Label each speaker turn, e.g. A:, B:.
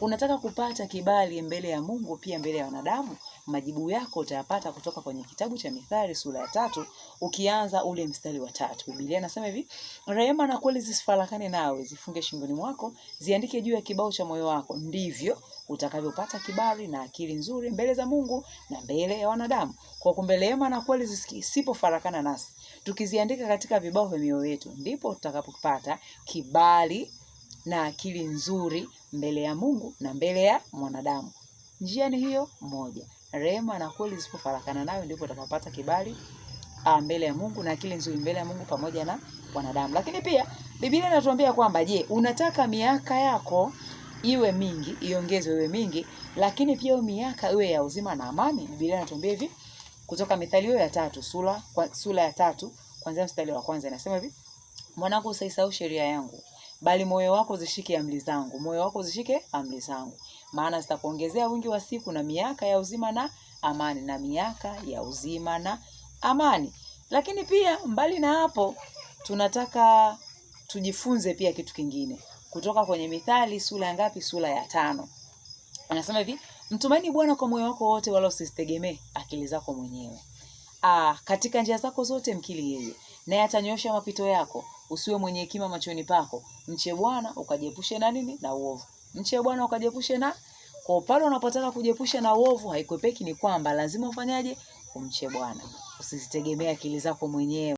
A: Unataka kupata kibali mbele ya Mungu pia mbele ya wanadamu? Majibu yako utayapata kutoka kwenye kitabu cha Mithali sura ya tatu ukianza ule mstari wa tatu. Biblia inasema hivi, rehema na kweli zisifarakane nawe, zifunge shingoni mwako, ziandike juu ya kibao cha moyo wako, ndivyo utakavyopata kibali na akili nzuri mbele za Mungu na mbele ya wanadamu. Kwa kumbe rehema na kweli zisipofarakana nasi, tukiziandika katika vibao vya mioyo yetu, ndipo tutakapopata kibali na akili nzuri mbele ya Mungu na mbele ya mwanadamu. Njia ni hiyo moja. Rehema na kweli zisipofarakana nayo, ndipo utakapata kibali ah, mbele ya Mungu na akili nzuri mbele ya Mungu pamoja na wanadamu. Lakini pia Biblia inatuambia kwamba je, unataka miaka yako iwe mingi, iongezwe iwe mingi, lakini pia miaka iwe ya uzima na amani? Biblia inatuambia hivi kutoka Mithali ya tatu sura, sura ya tatu kuanzia mstari wa kwanza inasema hivi: mwanangu, usaisahau sheria yangu bali moyo wako zishike amri zangu, moyo wako zishike amri zangu, maana zitakuongezea wingi wa siku na miaka ya uzima na amani, na miaka ya uzima na amani. Lakini pia mbali na hapo, tunataka tujifunze pia kitu kingine kutoka kwenye Mithali sura ya ngapi? Sura ya tano. Anasema hivi, mtumaini Bwana kwa moyo wako wote, wala usizitegemee akili zako mwenyewe. Aa, ah, katika njia zako zote mkili yeye, naye atanyosha mapito yako. Usiwe mwenye hekima machoni pako, mche Bwana ukajiepushe na nini? Na uovu. Mche Bwana ukajiepushe na kwa pale unapotaka kujiepusha na uovu, haikwepeki ni kwamba lazima ufanyaje? Umche Bwana. Usizitegemea akili zako mwenyewe.